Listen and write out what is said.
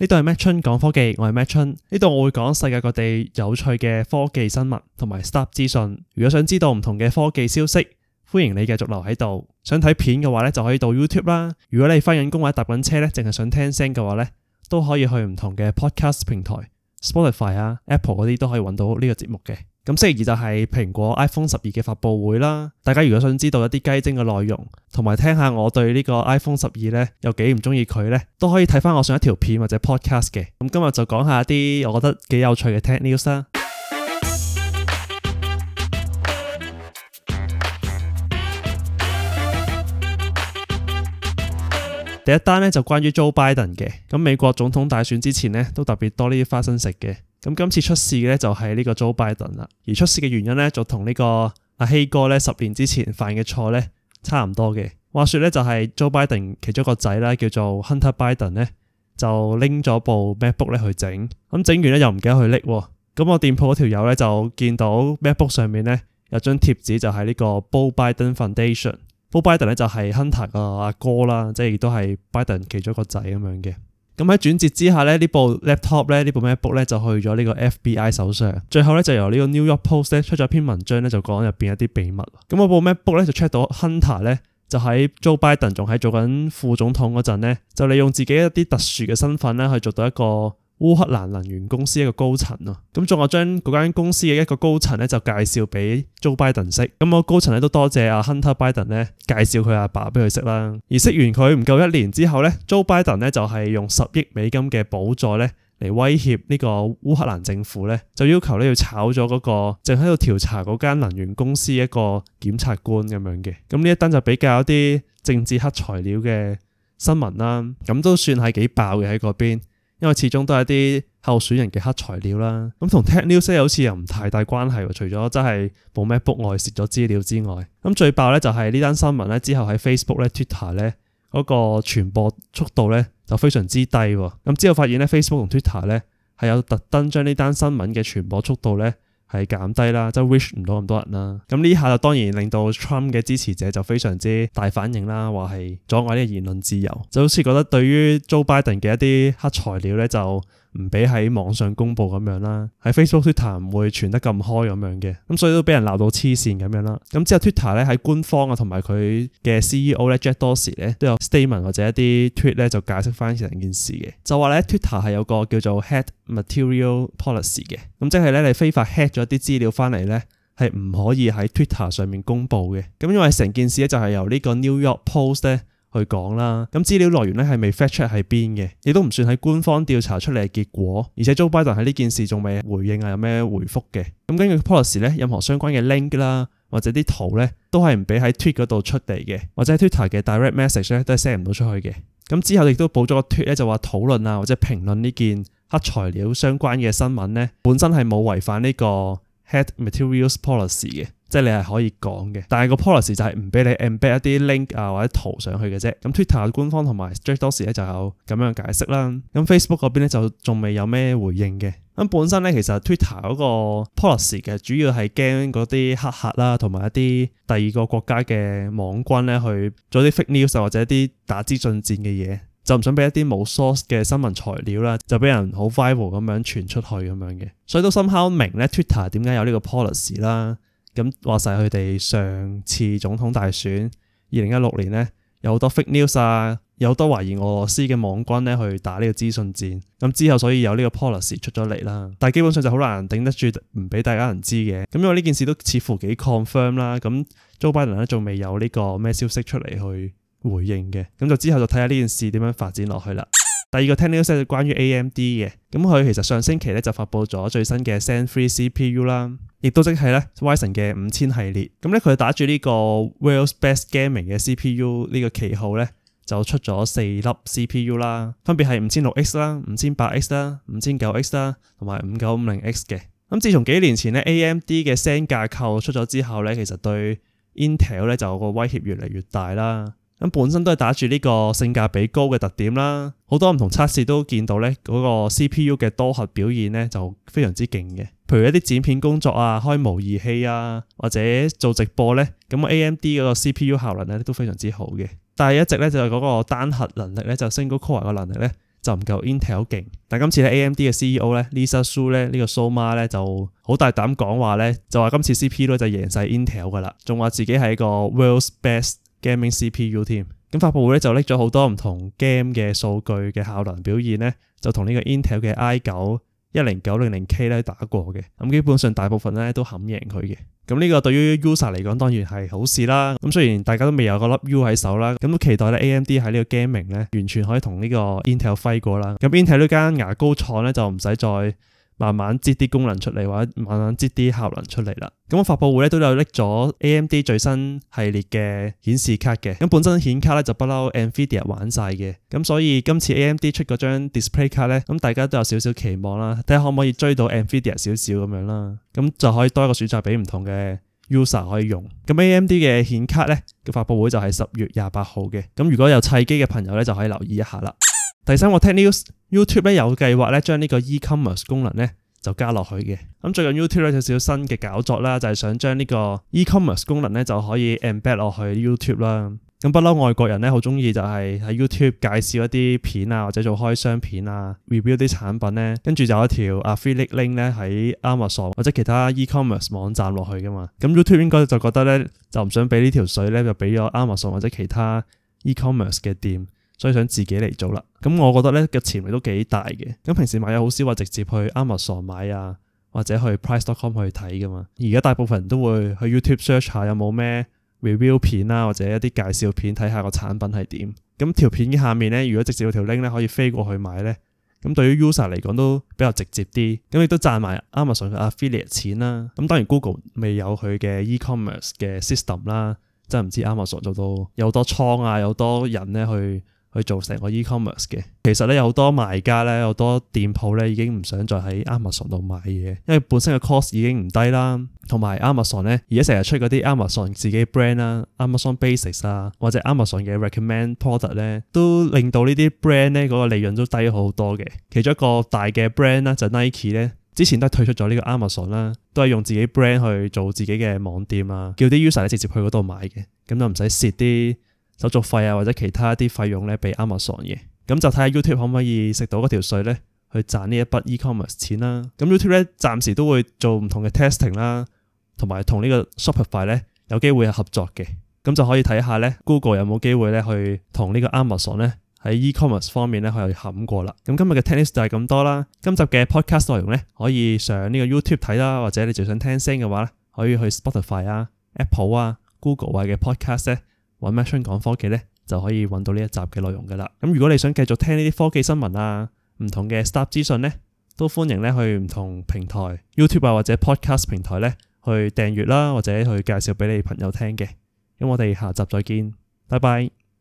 呢度係麥春講科技，我係麥春。呢度我會講世界各地有趣嘅科技新聞同埋 Startup 資訊。如果想知道唔同嘅科技消息，歡迎你繼續留喺度。想睇片嘅話咧，就可以到 YouTube 啦。如果你翻緊工或者搭緊車咧，淨係想聽聲嘅話咧，都可以去唔同嘅 Podcast 平台，Spotify 啊、Apple 嗰啲都可以揾到呢個節目嘅。咁星期二就係蘋果 iPhone 十二嘅發布會啦。大家如果想知道一啲雞精嘅內容，同埋聽下我對呢個 iPhone 十二呢有幾唔中意佢呢，都可以睇翻我上一條片或者 podcast 嘅。咁今日就講下啲我覺得幾有趣嘅 tech news 啦。第一單呢就關於 Joe Biden 嘅。咁美國總統大選之前呢，都特別多呢啲花生食嘅。咁今次出事嘅咧就係呢個 Joe Biden 啦，而出事嘅原因咧就同呢個阿希哥咧十年之前犯嘅錯咧差唔多嘅。話說咧就係 Joe Biden 其中一個仔咧叫做 Hunter Biden 咧，就拎咗部 MacBook 咧去整，咁整完咧又唔記得去拎。咁我店鋪嗰條友咧就見到 MacBook 上面咧有張貼紙，就係呢個 Beau Biden Foundation。Beau Biden 咧就係 Hunter 個阿哥啦，即係亦都係 Biden 其中一個仔咁樣嘅。咁喺轉折之下咧，呢部 laptop 咧，呢部 MacBook 咧就去咗呢個 FBI 手上。最後咧就由呢個 New York Post 咧出咗一篇文章咧，就講入邊一啲秘密。咁嗰部 MacBook 咧就 check 到 Hunter 咧就喺 Joe Biden 仲喺做緊副總統嗰陣咧，就利用自己一啲特殊嘅身份咧去做到一個。烏克蘭能源公司一個高層啊，咁仲有將嗰間公司嘅一個高層咧就介紹俾 Joe Biden 識，咁個高層咧都多謝阿 Hunter Biden 咧介紹佢阿爸俾佢識啦。而識完佢唔夠一年之後咧，Joe Biden 咧就係用十億美金嘅補助咧嚟威脅呢個烏克蘭政府咧，就要求咧要炒咗嗰個正喺度調查嗰間能源公司一個檢察官咁樣嘅。咁呢一單就比較一啲政治黑材料嘅新聞啦，咁都算係幾爆嘅喺嗰邊，因為始終都係啲候選人嘅黑材料啦，咁同 Tech News 好又好似又唔太大關係喎、啊。除咗真係冇咩 book 外泄咗資料之外，咁最爆咧就係呢單新聞咧之後喺 Facebook 咧、Twitter 咧嗰個傳播速度咧就非常之低、啊。咁之後發現咧 Facebook 同 Twitter 咧係有特登將呢單新聞嘅傳播速度咧。係減低啦，即、就、係、是、wish 唔到咁多人啦。咁呢下就當然令到 Trump 嘅支持者就非常之大反應啦，話係阻礙呢個言論自由，就好似覺得對於 Joe Biden 嘅一啲黑材料呢，就。唔俾喺網上公布咁樣啦，喺 Facebook、Twitter 唔會傳得咁開咁樣嘅，咁所以都俾人鬧到黐線咁樣啦。咁之後 Twitter 咧喺官方啊同埋佢嘅 CEO 咧 Jack Dorsey 咧都有 Statement 或者一啲 tweet 咧就解釋翻成件事嘅，就話咧 Twitter 係有個叫做 Head Material Policy 嘅，咁即係咧你非法 head 咗啲資料翻嚟咧係唔可以喺 Twitter 上面公布嘅。咁因為成件事咧就係由呢個 New York Post 咧。去講啦，咁資料來源咧係未 fetch 喺係邊嘅，亦都唔算喺官方調查出嚟嘅結果。而且 Joe Biden 喺呢件事仲未回應啊，有咩回覆嘅？咁根據 policy 咧，任何相關嘅 link 啦，或者啲圖咧，都係唔俾喺 Twitter 嗰度出嚟嘅，或者 Twitter 嘅 Direct Message 咧都係 send 唔到出去嘅。咁之後亦都補咗個 tweet 咧，就話討論啊或者評論呢件黑材料相關嘅新聞咧，本身係冇違反呢個 Head Materials Policy 嘅。即係你係可以講嘅，但係個 policy 就係唔俾你 embed 一啲 link 啊或者圖上去嘅啫。咁 Twitter 官方同埋 Street 當時咧就有咁樣解釋啦。咁 Facebook 嗰邊咧就仲未有咩回應嘅。咁本身咧其實 Twitter 嗰個 policy 嘅主要係驚嗰啲黑客啦，同埋一啲第二個國家嘅網軍咧去做啲 fake news 或者一啲打資訊戰嘅嘢，就唔想俾一啲冇 source 嘅新聞材料啦，就俾人好 viral 咁樣傳出去咁樣嘅。所以都 somehow 明咧 Twitter 點解有呢個 policy 啦。咁話晒佢哋上次總統大選二零一六年呢，有好多 fake news 啊，有好多懷疑俄羅斯嘅網軍呢去打呢個資訊戰。咁之後所以有呢個 policy 出咗嚟啦，但係基本上就好難頂得住，唔俾大家人知嘅。咁因為呢件事都似乎幾 confirm 啦。咁 Joe Biden 咧仲未有呢個咩消息出嚟去回應嘅。咁就之後就睇下呢件事點樣發展落去啦。第二個聽呢個消息係關於 AMD 嘅，咁佢其實上星期咧就發佈咗最新嘅 Zen 3 CPU 啦，亦都即係咧 Ryzen 嘅五千系列。咁咧佢打住呢個 World's Best Gaming 嘅 CPU 呢個旗號咧，就出咗四粒 CPU 啦，分別係五千六 X 啦、五千八 X 啦、五千九 X 啦，同埋五九五零 X 嘅。咁自從幾年前咧 AMD 嘅 Zen 架構出咗之後咧，其實對 Intel 咧就有個威脅越嚟越大啦。咁本身都係打住呢個性價比高嘅特點啦，好多唔同測試都見到咧，嗰個 C P U 嘅多核表現咧就非常之勁嘅，譬如一啲剪片工作啊、開模擬器啊或者做直播咧，咁 A M D 嗰個 C P U 效能咧都非常之好嘅。但係一直咧就係嗰個單核能力咧，就 Single Core 嘅能力咧就唔夠 Intel 勁。但今次咧 A M D 嘅 C E O 咧 Lisa Su 咧呢個蘇媽咧就好大膽講話咧，就話今次 C P U 就贏晒 Intel 噶啦，仲話自己係一個 world's best gaming CPU 添，咁發布會咧就拎咗好多唔同 game 嘅數據嘅效能表現咧，就同呢個 Intel 嘅 i 九一零九零零 K 咧打過嘅，咁基本上大部分咧都冚贏佢嘅，咁呢個對於 user 嚟講當然係好事啦，咁雖然大家都未有嗰粒 U 喺手啦，咁都期待咧 AMD 喺呢個 gaming 咧完全可以同呢個 Intel 揮過啦，咁 Intel 呢間牙膏廠咧就唔使再，慢慢擠啲功能出嚟，或者慢慢擠啲效能出嚟啦。咁我發布會咧都有拎咗 AMD 最新系列嘅顯示卡嘅。咁本身顯卡咧就不嬲 NVIDIA 玩晒嘅。咁所以今次 AMD 出嗰張 Display 卡咧，咁大家都有少少期望啦。睇下可唔可以追到 NVIDIA 少少咁樣啦。咁就可以多一個選擇俾唔同嘅 user 可以用。咁 AMD 嘅顯卡咧個發布會就係十月廿八號嘅。咁如果有砌機嘅朋友咧，就可以留意一下啦。第三，我聽 YouTube 咧有計劃咧將呢個 e-commerce 功能咧就加落去嘅。咁最近 YouTube 咧有少少新嘅搞作啦，就係想將呢個 e-commerce 功能咧就可以 embed 落去 YouTube 啦。咁不嬲，外國人咧好中意就係喺 YouTube 介紹一啲片啊，或者做開箱片啊，review 啲產品咧，跟住就有一條 affiliate link 咧喺 Amazon 或者其他 e-commerce 網站落去噶嘛。咁 YouTube 應該就覺得咧就唔想俾呢條水咧，就俾咗 Amazon 或者其他 e-commerce 嘅店。所以想自己嚟做啦，咁我覺得咧嘅潛力都幾大嘅。咁平時買嘢好少話，直接去 Amazon 買啊，或者去 Price.com 去睇噶嘛。而家大部分人都會去 YouTube search 下有冇咩 review 片啦、啊，或者一啲介紹片睇下個產品係點。咁條片下面咧，如果直接有條 link 咧可以飛過去買咧，咁對於 user 嚟講都比較直接啲，咁亦都賺埋 Amazon 嘅 affiliate 錢啦、啊。咁當然 Google 未有佢嘅 e-commerce 嘅 system 啦，真係唔知 Amazon 做到有多倉啊，有多人咧去。去做成個 e-commerce 嘅，其實咧有好多賣家咧，好多店鋪咧已經唔想再喺 Amazon 度買嘢，因為本身嘅 cost 已經唔低啦，同埋 Amazon 咧，而家成日出嗰啲 Amazon 自己 brand 啦，Amazon Basics 啊，或者 Amazon 嘅 Recommend Product 咧，都令到呢啲 brand 咧嗰個利潤都低好多嘅。其中一個大嘅 brand 啦，就 Nike 咧，之前都係退出咗呢個 Amazon 啦，都係用自己 brand 去做自己嘅網店啊，叫啲 user 直接去嗰度買嘅，咁就唔使蝕啲。手續費啊，或者其他一啲費用咧，俾 Amazon 嘅，咁就睇下 YouTube 可唔可以食到嗰條稅咧，去賺呢一筆 e-commerce 錢啦。咁 YouTube 咧暫時都會做唔同嘅 testing 啦，同埋同呢個 Shopify 咧有機會合作嘅，咁就可以睇下咧 Google 有冇機會咧去同呢個 Amazon 咧喺 e-commerce 方面咧去冚過啦。咁今日嘅 tech news 就係咁多啦。今集嘅 podcast 內容咧可以上呢個 YouTube 睇啦，或者你最想聽聲嘅話咧，可以去 Spotify 啊、Apple 啊、Google 啊嘅 podcast 咧。揾 Matchung 講科技呢，就可以揾到呢一集嘅內容噶啦。咁如果你想繼續聽呢啲科技新聞啊，唔同嘅 Stuff 資訊呢，都歡迎呢去唔同平台 YouTube 啊或者 Podcast 平台呢，去訂閱啦，或者去介紹俾你朋友聽嘅。咁我哋下集再見，拜拜。